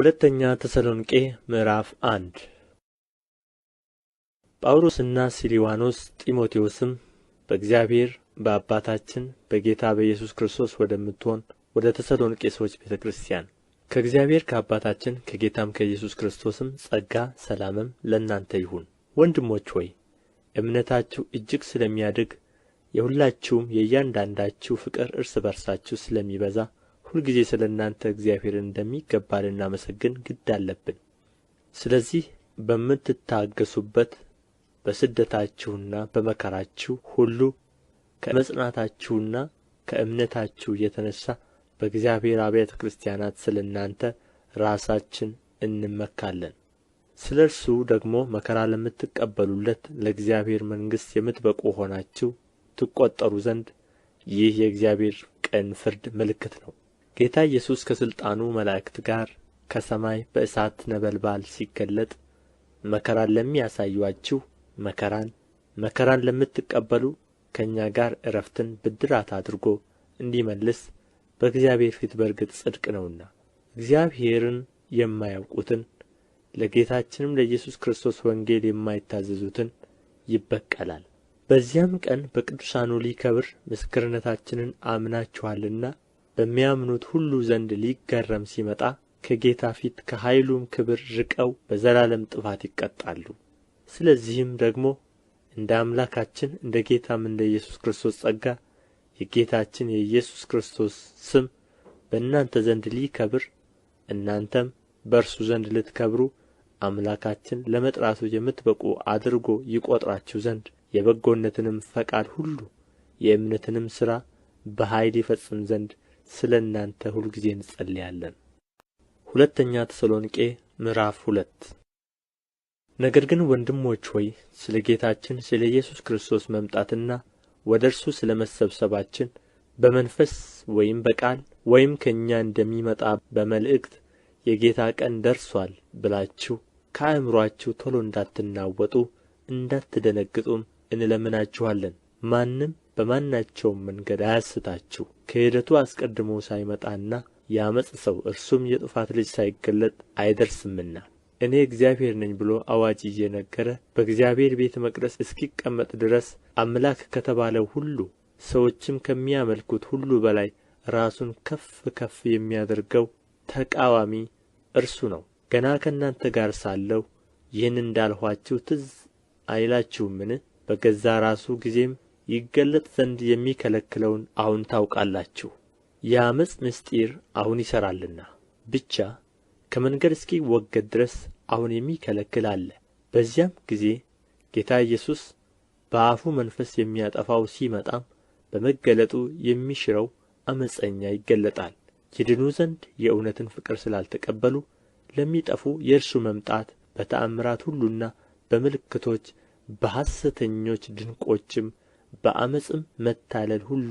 ሁለተኛ ተሰሎንቄ ምዕራፍ አንድ ጳውሎስና ሲሊዋኖስ ጢሞቴዎስም በእግዚአብሔር በአባታችን በጌታ በኢየሱስ ክርስቶስ ወደምትሆን ወደ ተሰሎንቄ ሰዎች ቤተ ክርስቲያን ከእግዚአብሔር ከአባታችን ከጌታም ከኢየሱስ ክርስቶስም ጸጋ ሰላምም ለእናንተ ይሁን። ወንድሞች ሆይ እምነታችሁ እጅግ ስለሚያድግ የሁላችሁም የእያንዳንዳችሁ ፍቅር እርስ በርሳችሁ ስለሚበዛ ሁልጊዜ ስለ እናንተ እግዚአብሔርን እንደሚገባ ልናመሰግን ግድ አለብን ስለዚህ በምትታገሱበት በስደታችሁና በመከራችሁ ሁሉ ከመጽናታችሁና ከእምነታችሁ የተነሳ በእግዚአብሔር አብያተ ክርስቲያናት ስለ እናንተ ራሳችን እንመካለን። ስለ እርሱ ደግሞ መከራ ለምትቀበሉለት ለእግዚአብሔር መንግሥት የምትበቁ ሆናችሁ ትቈጠሩ ዘንድ ይህ የእግዚአብሔር ቀን ፍርድ ምልክት ነው። ጌታ ኢየሱስ ከሥልጣኑ መላእክት ጋር ከሰማይ በእሳት ነበልባል ሲገለጥ መከራን ለሚያሳዩአችሁ መከራን መከራን ለምትቀበሉ ከእኛ ጋር እረፍትን ብድራት አድርጎ እንዲመልስ በእግዚአብሔር ፊት በእርግጥ ጽድቅ ነውና እግዚአብሔርን የማያውቁትን ለጌታችንም ለኢየሱስ ክርስቶስ ወንጌል የማይታዘዙትን ይበቀላል። በዚያም ቀን በቅዱሳኑ ሊከብር ምስክርነታችንን አምናችኋልና በሚያምኑት ሁሉ ዘንድ ሊገረም ሲመጣ ከጌታ ፊት ከኃይሉም ክብር ርቀው በዘላለም ጥፋት ይቀጣሉ። ስለዚህም ደግሞ እንደ አምላካችን እንደ ጌታም እንደ ኢየሱስ ክርስቶስ ጸጋ የጌታችን የኢየሱስ ክርስቶስ ስም በእናንተ ዘንድ ሊከብር እናንተም በእርሱ ዘንድ ልትከብሩ አምላካችን ለመጥራቱ የምትበቁ አድርጎ ይቈጥራችሁ ዘንድ የበጎነትንም ፈቃድ ሁሉ የእምነትንም ሥራ በኃይል ይፈጽም ዘንድ ስለ እናንተ ሁልጊዜ እንጸልያለን። ሁለተኛ ተሰሎንቄ ምዕራፍ ሁለት ነገር ግን ወንድሞች ሆይ ስለ ጌታችን ስለ ኢየሱስ ክርስቶስ መምጣትና ወደ እርሱ ስለ መሰብሰባችን በመንፈስ ወይም በቃል ወይም ከእኛ እንደሚመጣ በመልእክት የጌታ ቀን ደርሷል ብላችሁ ከአእምሮአችሁ ቶሎ እንዳትናወጡ እንዳትደነግጡም እንለምናችኋለን። ማንም በማናቸውም መንገድ አያስታችሁ ክህደቱ አስቀድሞ ሳይመጣና ያመፅ ሰው እርሱም የጥፋት ልጅ ሳይገለጥ አይደርስምና እኔ እግዚአብሔር ነኝ ብሎ አዋጅ እየነገረ በእግዚአብሔር ቤተ መቅደስ እስኪቀመጥ ድረስ አምላክ ከተባለው ሁሉ ሰዎችም ከሚያመልኩት ሁሉ በላይ ራሱን ከፍ ከፍ የሚያደርገው ተቃዋሚ እርሱ ነው። ገና ከእናንተ ጋር ሳለሁ ይህን እንዳልኋችሁ ትዝ አይላችሁምን? በገዛ ራሱ ጊዜም ይገለጥ ዘንድ የሚከለክለውን አሁን ታውቃላችሁ የዓመፅ ምስጢር አሁን ይሠራልና ብቻ ከመንገድ እስኪወገድ ድረስ አሁን የሚከለክል አለ በዚያም ጊዜ ጌታ ኢየሱስ በአፉ መንፈስ የሚያጠፋው ሲመጣም በመገለጡ የሚሽረው አመፀኛ ይገለጣል ይድኑ ዘንድ የእውነትን ፍቅር ስላልተቀበሉ ለሚጠፉ የእርሱ መምጣት በተአምራት ሁሉና በምልክቶች በሐሰተኞች ድንቆችም በዓመፅም መታለል ሁሉ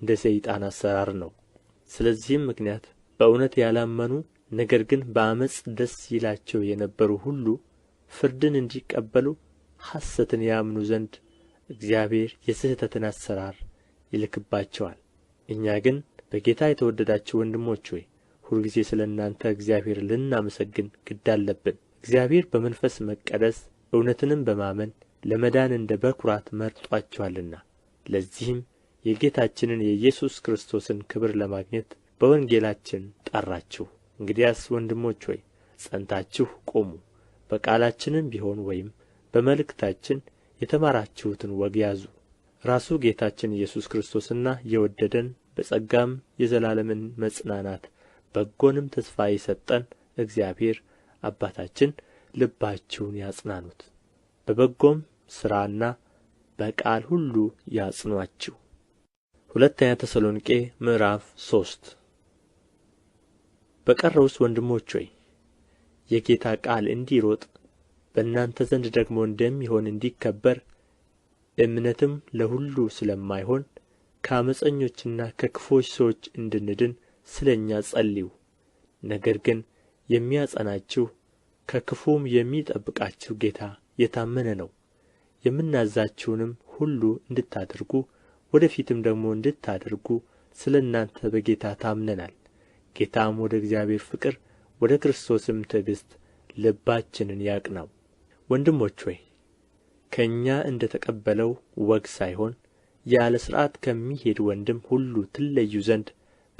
እንደ ሰይጣን አሰራር ነው ስለዚህም ምክንያት በእውነት ያላመኑ ነገር ግን በዓመፅ ደስ ይላቸው የነበሩ ሁሉ ፍርድን እንዲቀበሉ ሐሰትን ያምኑ ዘንድ እግዚአብሔር የስህተትን አሰራር ይልክባቸዋል። እኛ ግን በጌታ የተወደዳችሁ ወንድሞች ሆይ ሁልጊዜ ስለ እናንተ እግዚአብሔር ልናመሰግን ግድ አለብን። እግዚአብሔር በመንፈስ መቀደስ እውነትንም በማመን ለመዳን እንደ በኩራት መርጧቸዋልና። ለዚህም የጌታችንን የኢየሱስ ክርስቶስን ክብር ለማግኘት በወንጌላችን ጠራችሁ። እንግዲያስ ወንድሞች ሆይ ጸንታችሁ ቁሙ። በቃላችንም ቢሆን ወይም በመልእክታችን የተማራችሁትን ወግ ያዙ። ራሱ ጌታችን ኢየሱስ ክርስቶስና የወደደን በጸጋም የዘላለምን መጽናናት በጎንም ተስፋ የሰጠን እግዚአብሔር አባታችን ልባችሁን ያጽናኑት በበጎም ሥራና በቃል ሁሉ ያጽኑአችሁ ሁለተኛ ተሰሎንቄ ምዕራፍ ሶስት በቀረውስ ወንድሞች ሆይ የጌታ ቃል እንዲሮጥ በእናንተ ዘንድ ደግሞ እንደሚሆን እንዲከበር እምነትም ለሁሉ ስለማይሆን ከአመፀኞችና ከክፎች ሰዎች እንድንድን ስለ እኛ ጸልዩ። ነገር ግን የሚያጸናችሁ ከክፉም የሚጠብቃችሁ ጌታ የታመነ ነው የምናዛችሁንም ሁሉ እንድታደርጉ ወደ ፊትም ደግሞ እንድታደርጉ ስለ እናንተ በጌታ ታምነናል ጌታም ወደ እግዚአብሔር ፍቅር ወደ ክርስቶስም ትዕግሥት ልባችንን ያቅናው ወንድሞች ሆይ ከእኛ እንደ ተቀበለው ወግ ሳይሆን ያለ ሥርዓት ከሚሄድ ወንድም ሁሉ ትለዩ ዘንድ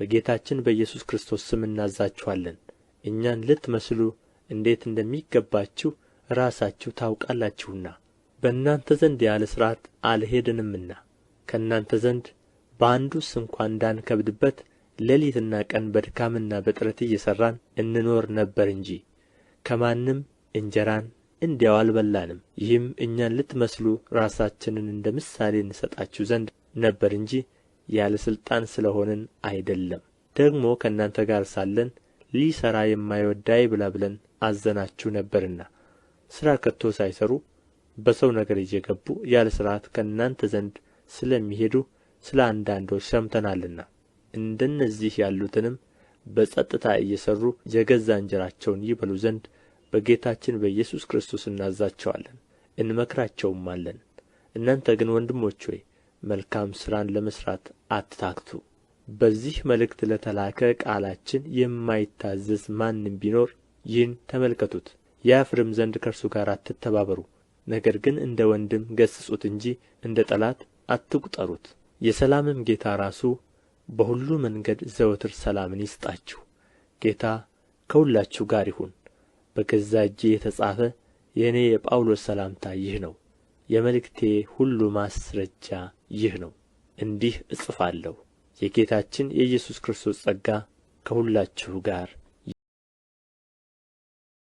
በጌታችን በኢየሱስ ክርስቶስ ስም እናዛችኋለን እኛን ልትመስሉ እንዴት እንደሚገባችሁ ራሳችሁ ታውቃላችሁና በእናንተ ዘንድ ያለ ሥርዓት አልሄድንምና ከእናንተ ዘንድ በአንዱ እንኳ እንዳንከብድበት ሌሊትና ቀን በድካምና በጥረት እየሠራን እንኖር ነበር እንጂ ከማንም እንጀራን እንዲያው አልበላንም። ይህም እኛን ልትመስሉ ራሳችንን እንደ ምሳሌ እንሰጣችሁ ዘንድ ነበር እንጂ ያለ ሥልጣን ስለ ሆንን አይደለም። ደግሞ ከእናንተ ጋር ሳለን ሊሠራ የማይወድ አይብላ ብለን አዘናችሁ ነበርና ሥራ ከቶ ሳይሰሩ በሰው ነገር እየገቡ ያለ ሥርዓት ከእናንተ ዘንድ ስለሚሄዱ ስለ አንዳንዶች ሰምተናልና እንደነዚህ ያሉትንም በጸጥታ እየሠሩ የገዛ እንጀራቸውን ይበሉ ዘንድ በጌታችን በኢየሱስ ክርስቶስ እናዛቸዋለን እንመክራቸውማለን። እናንተ ግን ወንድሞች ሆይ መልካም ሥራን ለመሥራት አትታክቱ። በዚህ መልእክት ለተላከ ቃላችን የማይታዘዝ ማንም ቢኖር ይህን ተመልከቱት። ያፍርም ዘንድ ከእርሱ ጋር አትተባበሩ ነገር ግን እንደ ወንድም ገሥጹት እንጂ እንደ ጠላት አትቁጠሩት የሰላምም ጌታ ራሱ በሁሉ መንገድ ዘወትር ሰላምን ይስጣችሁ ጌታ ከሁላችሁ ጋር ይሁን በገዛ እጄ የተጻፈ የእኔ የጳውሎስ ሰላምታ ይህ ነው የመልእክቴ ሁሉ ማስረጃ ይህ ነው እንዲህ እጽፋለሁ የጌታችን የኢየሱስ ክርስቶስ ጸጋ ከሁላችሁ ጋር